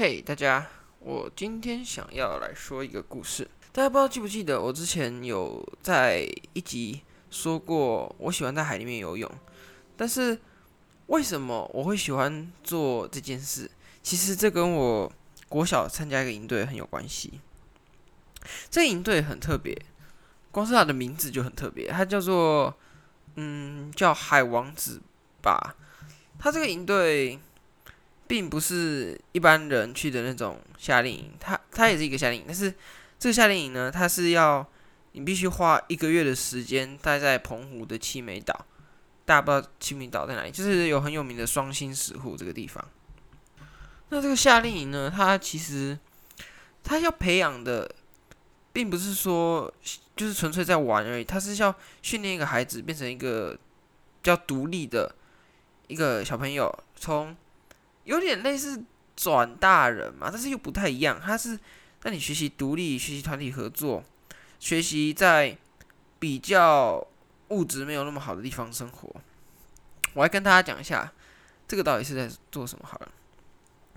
嘿，hey, 大家！我今天想要來說一個故事。大家不知道記不記得，我之前有在一集說過，我喜歡在海裡面游泳。但是為什麼我會喜歡做這件事？其實這跟我國小參加一個營隊很有關係。這個營隊很特別，光是它的名字就很特別，它叫做……嗯，叫海王子吧。它這個營隊。並不是一般人去的那種夏令營，它它也是一個夏令營，但是這個夏令營呢，它是要你必須花一個月的時間待在澎湖的七美島。大家不知道七美島在哪裡，就是有很有名的雙心石滬這個地方。那這個夏令營呢，它其實它要培養的，並不是說就是純粹在玩而已，它是要訓練一個孩子變成一個比較獨立的一個小朋友，從。有點類似轉大人嘛，但是又不太一樣。他是讓你學習獨立，學習團體合作，學習在比較物質沒有那麼好的地方生活。我來跟大家講一下，這個到底是在做什麼好了。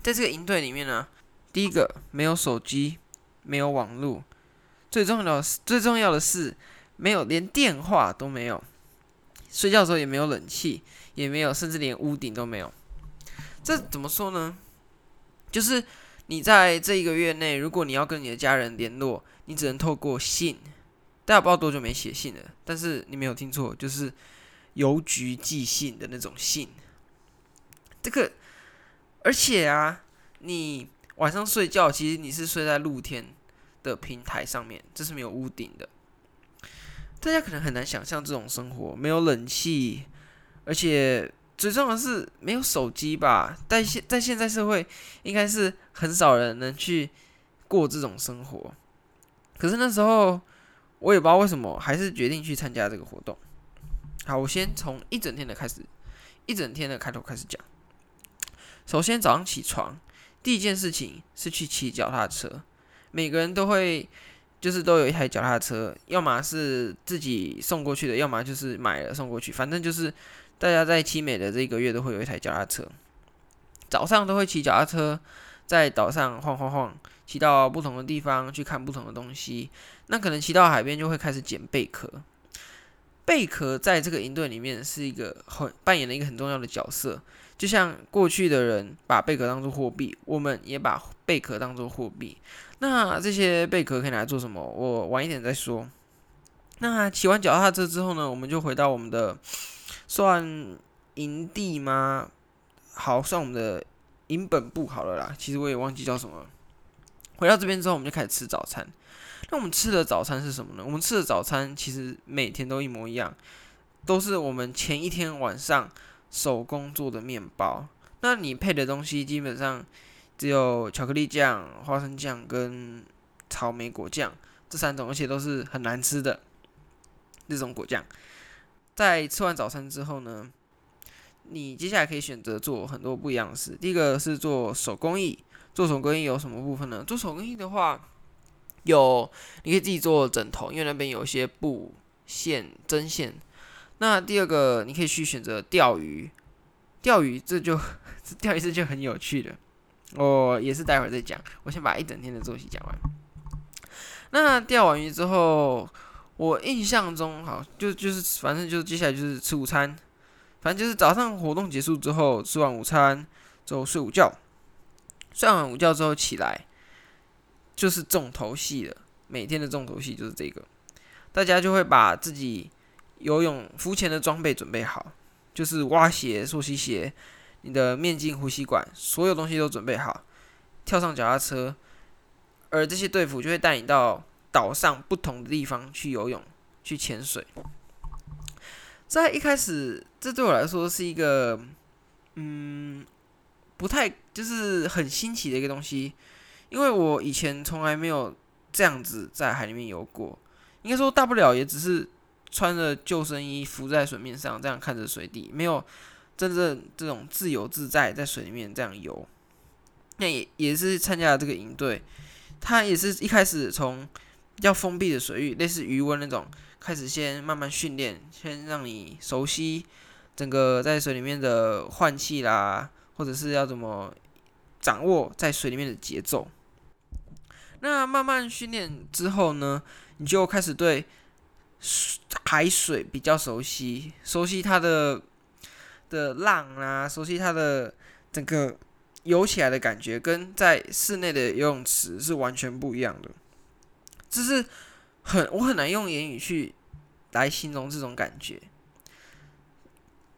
在這個營隊裡面呢，第一個沒有手機，沒有網絡，最重要的是最重要的是沒有，連電話都沒有，睡覺的時候也沒有冷氣，也沒有，甚至連屋頂都沒有。這怎麼說呢？就是你在這一個月內，如果你要跟你的家人聯絡，你只能透過信。大家不知道多久沒寫信了，但是你沒有聽錯，就是郵局寄信的那種信。這個，而且啊，你晚上睡覺，其實你是睡在露天的平台上面，這是沒有屋頂的。大家可能很難想象這種生活，沒有冷氣，而且。最重要的是沒有手機吧，在現在現在社會，應該是很少人能去過這種生活。可是那時候，我也不知道為什麼，還是決定去參加這個活動。好，我先從一整天的開始，一整天的開頭開始講。首先早上起床，第一件事情是去騎腳踏車。每個人都會，就是都有一台腳踏車，要麼是自己送過去的，要麼就是買了送過去，反正就是。大家在七美的這個月都會有一台腳踏車，早上都會騎腳踏車在島上晃晃晃，騎到不同的地方去看不同的東西。那可能騎到海邊就會開始撿貝殼，貝殼在這個營隊裡面是一個很扮演了一個很重要的角色。就像過去的人把貝殼當作貨幣，我們也把貝殼當作貨幣。那這些貝殼可以拿來做什麼？我晚一點再說。那騎完腳踏車之後呢，我們就回到我們的。算營地嗎？好，算我們的營本部好了啦。其實我也忘記叫什麼了。回到這邊之後，我們就開始吃早餐。那我們吃的早餐是什麼呢？我們吃的早餐其實每天都一模一樣，都是我們前一天晚上手工做的麵包。那你配的東西基本上只有巧克力醬、花生醬跟草莓果醬這三種，而且都是很難吃的那種果醬。在吃完早餐之後呢，你接下來可以選擇做很多不一樣的事。第一個是做手工藝，做手工藝有什麼部分呢？做手工藝的話，有你可以自己做枕頭，因為那邊有一些布、線、針線。那第二個，你可以去選擇釣魚，釣魚這就釣魚這就很有趣的，我也是待會兒再講。我先把一整天的作息講完。那釣完魚之後。我印象中，好，就就是反正就是接下來就是吃午餐，反正就是早上活動結束之後吃完午餐之後睡午覺，睡完午覺之後起來，就是重頭戲了。每天的重頭戲就是這個，大家就會把自己游泳浮潛的裝備準備好，就是蛙鞋、溯溪鞋、你的面鏡、呼吸管，所有東西都準備好，跳上腳踏車，而這些隊輔就會帶你到。島上不同的地方去游泳、去潛水，在一開始，這對我來說是一個，嗯，不太就是很新奇的一個東西，因為我以前從來沒有這樣子在海裡面游過。應該說，大不了也只是穿着救生衣浮在水面上，這樣看着水底，沒有真正這種自由自在在水裡面這樣游。那也也是參加了這個營隊，他也是一開始從。要封閉的水域，類似魚塭那種，開始先慢慢訓練，先讓你熟悉整個在水裡面的換氣啦，或者是要怎麼掌握在水裡面的節奏。那慢慢訓練之後呢，你就開始對海水比較熟悉，熟悉它的的浪啊，熟悉它的整個游起來的感覺，跟在室內的游泳池是完全不一樣的。就是很我很難用言語去來形容這種感覺。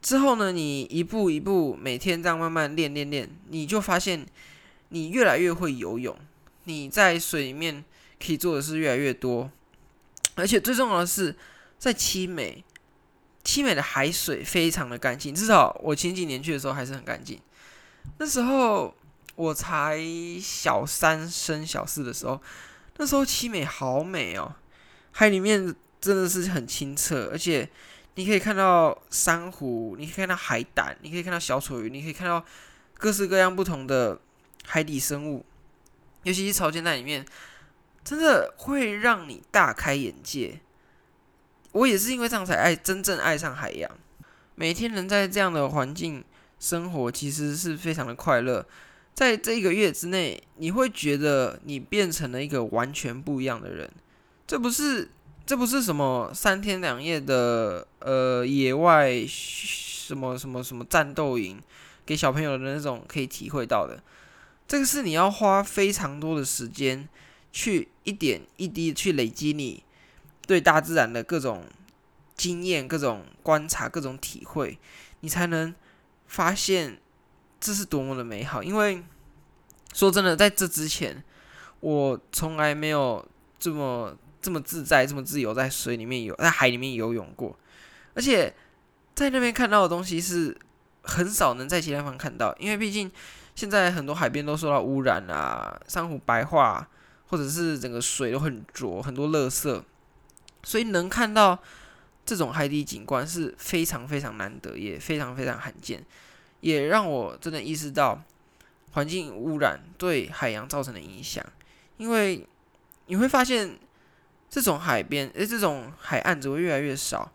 之後呢，你一步一步，每天這樣慢慢練練練，你就發現你越來越會游泳。你在水裡面可以做的事越來越多，而且最重要的是，在七美，七美的海水非常的乾淨，至少我前幾年去的時候還是很乾淨。那時候我才小三升小四的時候。那時候，七美好美哦，海裡面真的是很清澈，而且你可以看到珊瑚，你可以看到海膽，你可以看到小丑魚，你可以看到各式各樣不同的海底生物，尤其是潮間帶裡面，真的會讓你大開眼界。我也是因為這樣才愛，真正愛上海洋，每天能在這樣的環境生活，其實是非常的快樂。在這一個月之內，你會覺得你變成了一個完全不一樣的人。這不是，這不是什麼三天兩夜的呃野外什麼什麼什麼戰鬥營，給小朋友的那種可以體會到的。這個是你要花非常多的時間，去一點一滴去累積你對大自然的各種經驗、各種觀察、各種體會，你才能發現。這是多麼的美好！因為說真的，在這之前，我從來沒有這麼這麼自在、這麼自由在水裡面遊、在海裡面游泳過。而且在那邊看到的東西是很少能在其他地方看到，因為畢竟現在很多海邊都受到汙染啊，珊瑚白化，或者是整個水都很濁，很多垃圾，所以能看到這種海底景觀是非常非常難得，也非常非常罕見。也讓我真的意識到環境污染對海洋造成的影響，因為你會發現這種海邊，誒，這種海岸只會越來越少，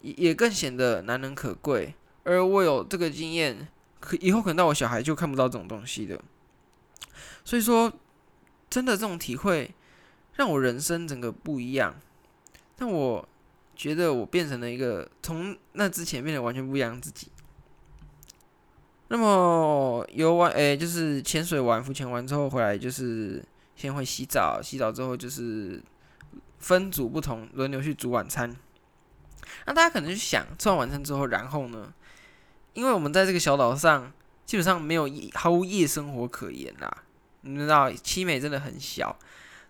也也更顯得難能可貴。而我有這個經驗，可以後可能到我小孩就看不到這種東西的。所以說，真的這種體會讓我人生整個不一樣。讓我覺得我變成了一個從那之前變得完全不一樣的自己。那麼游完誒，就是潛水完、浮潛完之後回來，就是先會洗澡，洗澡之後就是分組不同輪流去煮晚餐。那大家可能就想，吃完晚餐之後，然後呢？因為我們在這個小島上，基本上沒有毫無夜生活可言啦，你知道，七美真的很小，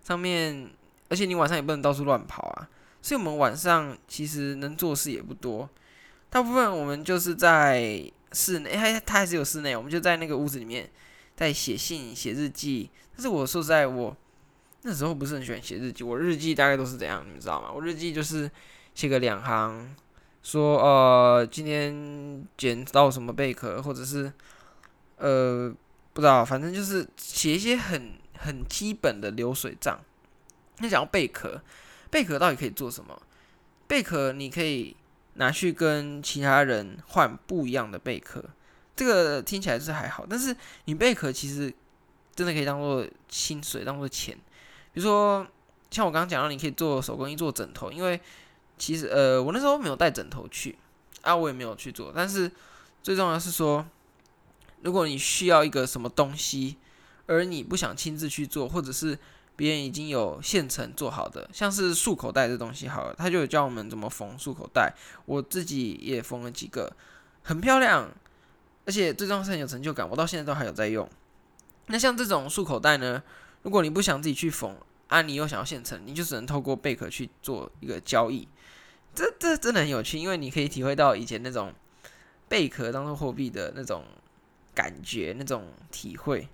上面而且你晚上也不能到處亂跑啊，所以我們晚上其實能做事也不多，大部分我們就是在。室內，哎，他還是有室內。我們就在那個屋子裡面，在寫信、寫日記。但是我說實在，我那時候不是很喜歡寫日記。我日記大概都是這樣，你知道嗎？我日記就是寫個兩行，說呃，今天撿到什麼貝殼，或者是呃，不知道，反正就是寫一些很很基本的流水賬。那講到貝殼，貝殼到底可以做什麼？貝殼你可以。拿去跟其他人換不一樣的貝殼，這個聽起來是還好。但是你貝殼其實真的可以當做薪水，當做錢。比如說，像我剛剛講到，你可以做手工藝，做枕頭。因為其實，呃，我那時候沒有帶枕頭去，啊，我也沒有去做。但是最重要的是說，如果你需要一個什麼東西，而你不想親自去做，或者是別人已經有現成做好的，像是束口袋這東西，好了，他就有教我們怎麼縫束口袋。我自己也縫了幾個，很漂亮，而且最重要是很有成就感。我到現在都還有在用。那像這種束口袋呢，如果你不想自己去縫，啊你又想要現成，你就只能透過貝殼去做一個交易。這這真的很有趣，因為你可以體會到以前那種貝殼當做貨幣的那種感覺、那種體會。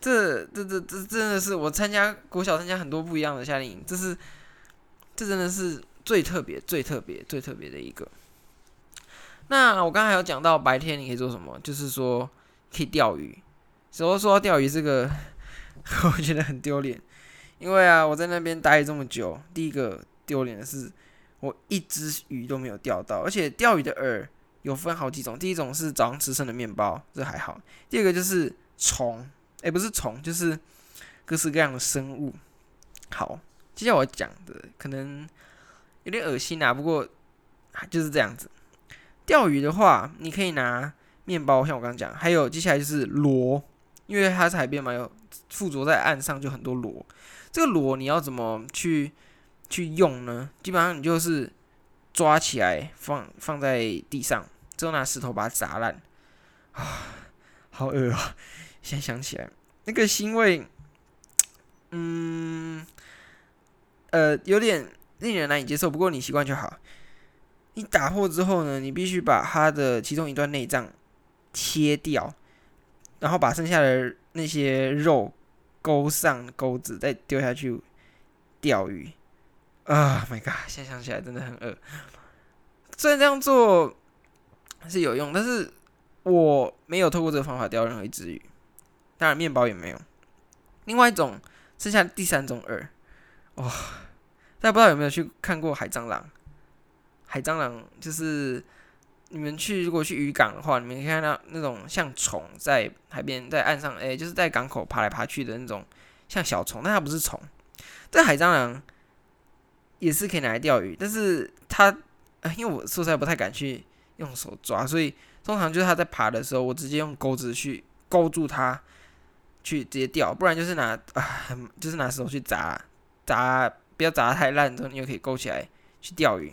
這，這，這、這、這、這真的是我參加國小參加很多不一樣的夏令營，這是這真的是最特別、最特別、最特別的一個。那我剛才還有講到白天你可以做什麼，就是說可以釣魚。然後說釣魚這個，我覺得很丟臉，因為啊我在那邊待這麼久，第一個丟臉的是我一隻魚都沒有釣到，而且釣魚的餌有分好幾種，第一種是早上吃剩的麵包，這還好；第二個就是蟲。哎、欸，不是蟲，就是各式各樣的生物。好，接下來我講的可能有點噁心啊，不過就是這樣子。釣魚的話，你可以拿麵包，像我剛剛講，還有接下來就是螺，因為它是海邊嘛，有附着在岸上就很多螺。這個螺你要怎麼去去用呢？基本上你就是抓起來放放在地上，之後拿石頭把它砸爛。啊，好噁啊！現在想,想起來，那個腥味，嗯，呃，有點令人難以接受。不過你習慣就好。你打破之後呢，你必須把它的其中一段內臟切掉，然後把剩下的那些肉勾上鈎子，再丟下去釣魚。啊，oh，My God！現在想起來真的很噁。雖然這樣做是有用，但是我沒有透過這個方法釣任何一只魚。當然，麵包也沒有。另外一種，剩下第三種餌，哇、哦！大家不知道有沒有去看過海蟑螂？海蟑螂就是你們去如果去漁港的話，你們可以看到那種像蟲在海邊在岸上，誒、欸，就是在港口爬來爬去的那種像小蟲，但它不是蟲。但海蟑螂也是可以拿來釣魚，但是它因為我說實在不太敢去用手抓，所以通常就是它在爬的時候，我直接用鈎子去勾住它。去直接釣，不然就是拿啊，就是拿石頭去砸，砸不要砸的太爛，之後你又可以勾起來去釣魚。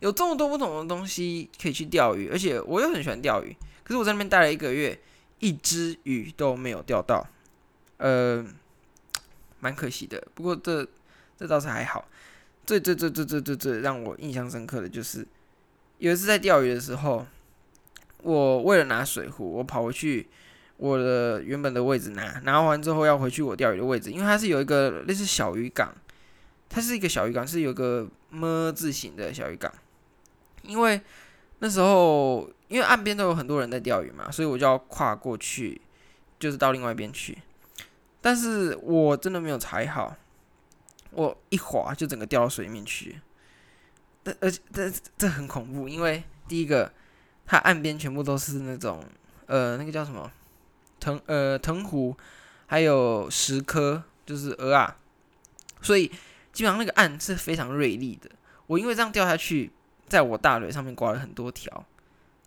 有這麼多不同的東西可以去釣魚，而且我又很喜歡釣魚。可是我在那邊待了一個月，一隻魚都沒有釣到，呃，蠻可惜的。不過這這倒是還好。最最最最最最最讓我印象深刻的就是，有一次在釣魚的時候，我為了拿水壺，我跑回去。我的原本的位置拿，拿完之後要回去我釣魚的位置，因為它是有一個類似小魚港，它是一個小魚港，是有一個 ㄇ 字形的小魚港。因為那時候因為岸邊都有很多人在釣魚嘛，所以我就要跨過去，就是到另外一邊去。但是我真的沒有踩好，我一滑就整個掉到水裡面去。但而且這這很恐怖，因為第一個它岸邊全部都是那種呃那個叫什麼？藤呃藤壺，還有石蚵，就是鵝啊，所以基本上那個岸是非常銳利的。我因為這樣掉下去，在我大腿上面刮了很多條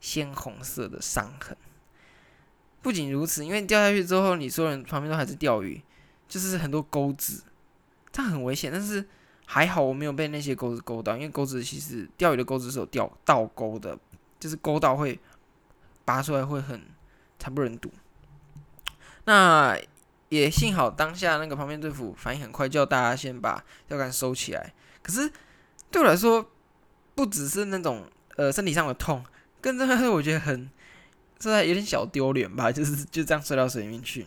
鮮紅色的傷痕。不僅如此，因為掉下去之後，你所有人旁邊都還是釣魚，就是很多鈎子，這樣很危險。但是還好我沒有被那些鈎子勾到，因為鈎子其實釣魚的鈎子是有釣倒鈎的，就是鈎到會拔出來會很慘不忍睹。那也幸好當下那個旁邊隊輔反應很快，叫大家先把釣竿收起來。可是對我來說，不只是那種呃身體上的痛，更重要是我覺得很，實在有點小丟臉吧，就是就這樣摔到水裡面去。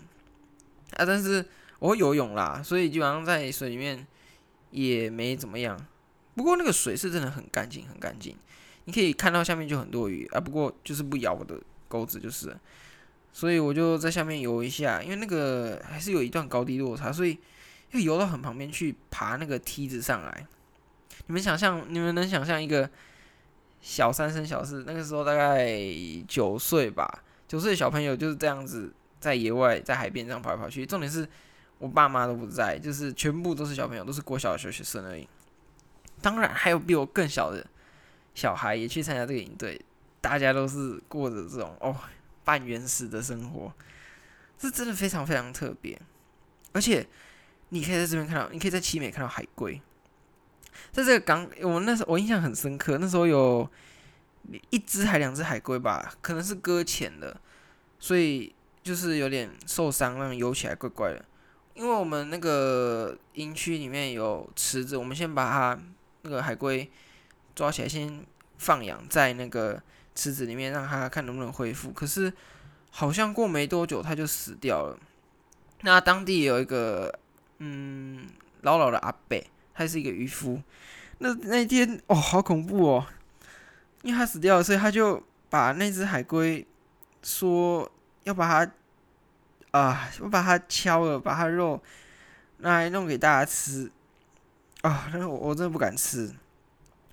啊，但是我會游泳啦，所以基本上在水裡面也沒怎麼樣。不過那個水是真的很乾淨，很乾淨，你可以看到下面就很多魚啊。不過就是不咬我的鈎子，就是。所以我就在下面游一下，因為那個還是有一段高低落差，所以又游到很旁邊去爬那個梯子上來。你們想象你們能想象一個小三生小四，那個時候大概九歲吧，九歲的小朋友就是這樣子在野外在海邊這樣跑來跑去。重點是我爸媽都不在，就是全部都是小朋友，都是國小的小學生而已。當然還有比我更小的小孩也去參加這個營隊，大家都是過着這種哦。半原始的生活，這真的非常非常特別，而且你可以在這邊看到，你可以在七美看到海龜，在這個港，我那時候我印象很深刻，那時候有一只還兩只海龜吧，可能是擱淺的，所以就是有點受傷，讓游起來怪怪的。因為我們那個營區裡面有池子，我們先把它那個海龜抓起來，先放養在那個。池子裡面，讓他看能不能恢復，可是，好像過沒多久他就死掉了。那當地有一個嗯老老的阿伯，他是一個漁夫。那那天哦，好恐怖哦，因為他死掉了，所以他就把那隻海龜說要把它啊、呃，我把它敲了，把它肉拿來弄給大家吃啊。但、呃、是我我真的不敢吃。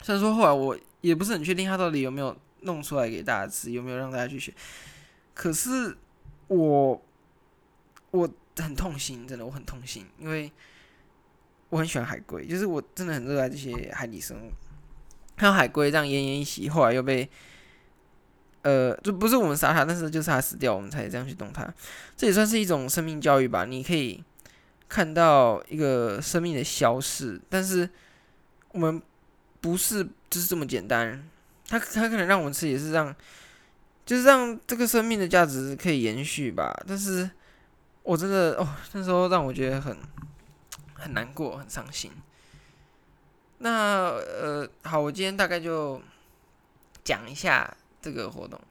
雖然說後來我也不是很確定他到底有沒有。弄出來給大家吃，有沒有讓大家去學？可是我我很痛心，真的我很痛心，因為我很喜歡海龜，就是我真的很熱愛這些海底生物。看到海龜這樣奄奄一息，後來又被呃，就不是我們殺它，但是就是它死掉，我們才這樣去動它。這也算是一種生命教育吧？你可以看到一個生命的消逝，但是我們不是就是這麼簡單。他他可能讓我吃也是讓，就是讓這個生命的價值可以延續吧。但是，我真的哦，那時候讓我覺得很很難過，很傷心。那呃，好，我今天大概就講一下這個活動，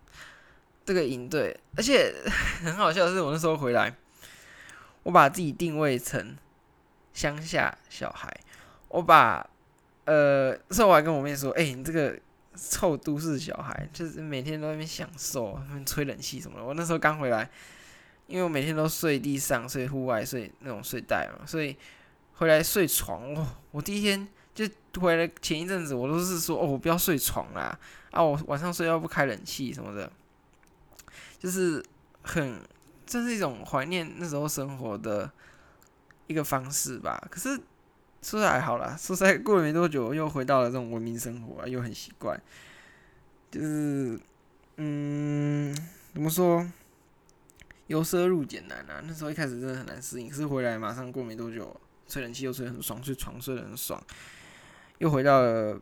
這個營隊，而且很好笑的是，我那時候回來，我把自己定位成鄉下小孩。我把呃，那時候我還跟我妹說：“哎、欸，你這個。”臭都市小孩，就是每天都在那邊享受，那邊吹冷氣什麼的。我那時候剛回來，因為我每天都睡地上、睡戶外、睡那種睡袋嘛，所以回來睡床。我、哦、我第一天就回來前一陣子，我都是說哦，我不要睡床啦，啊，我晚上睡覺不開冷氣什麼的，就是很，這是一種懷念那時候生活的，一個方式吧。可是。宿舍還好啦，宿舍過了沒多久，又回到了這種文明生活啊，又很習慣。就是，嗯，怎麼說？由奢入儉難啊！那時候一開始真的很難適應，可是回來馬上過沒多久，吹冷氣又吹得很爽，睡床睡得很爽，又回到了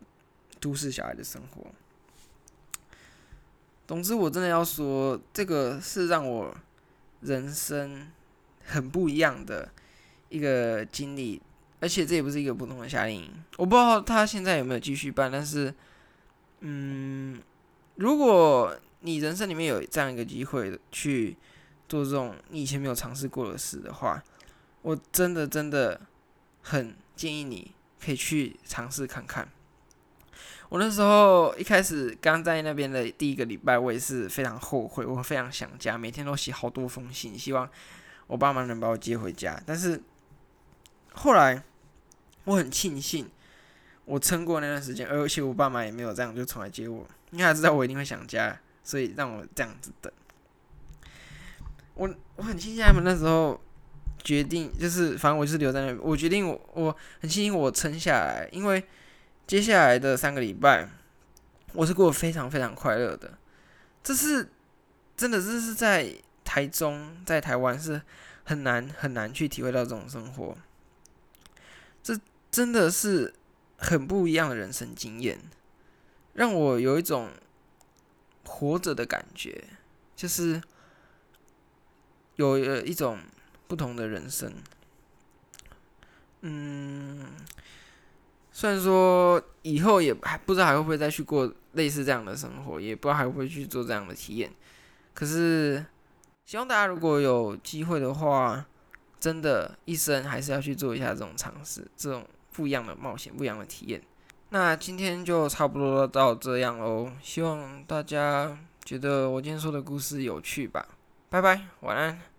都市小孩的生活。總之，我真的要說，這個是讓我人生很不一樣的一個經歷。而且這也不是一個普通的夏令營，我不知道他現在有沒有繼續辦。但是，嗯，如果你人生裡面有這樣一個機會去做這種你以前沒有嘗試過的事的話，我真的真的很建議你可以去嘗試看看。我那時候一開始剛在那邊的第一個禮拜，我也是非常後悔，我非常想家，每天都寫好多封信，希望我爸媽能把我接回家。但是後來。我很慶幸我撐過那段時間，而且我爸媽也沒有這樣就從來接我，因為他知道我一定會想家，所以讓我這樣子的。我我很慶幸他們那時候決定，就是反正我就是留在那，我決定我我很慶幸我撐下來，因為接下來的三個禮拜我是過得非常非常快樂的，這是真的，這是在台中、在台灣是很難很難去體會到這種生活。真的是很不一樣的人生經驗，讓我有一種活着的感覺，就是有呃一種不同的人生。嗯，雖然說以後也還不知道還會不會再去過類似這樣的生活，也不知道還會不會去做這樣的體驗，可是希望大家如果有機會的話，真的一生還是要去做一下這種嘗試，這種。不一樣的冒險，不一樣的體驗。那今天就差不多到這樣囉，希望大家覺得我今天說的故事有趣吧。拜拜，晚安。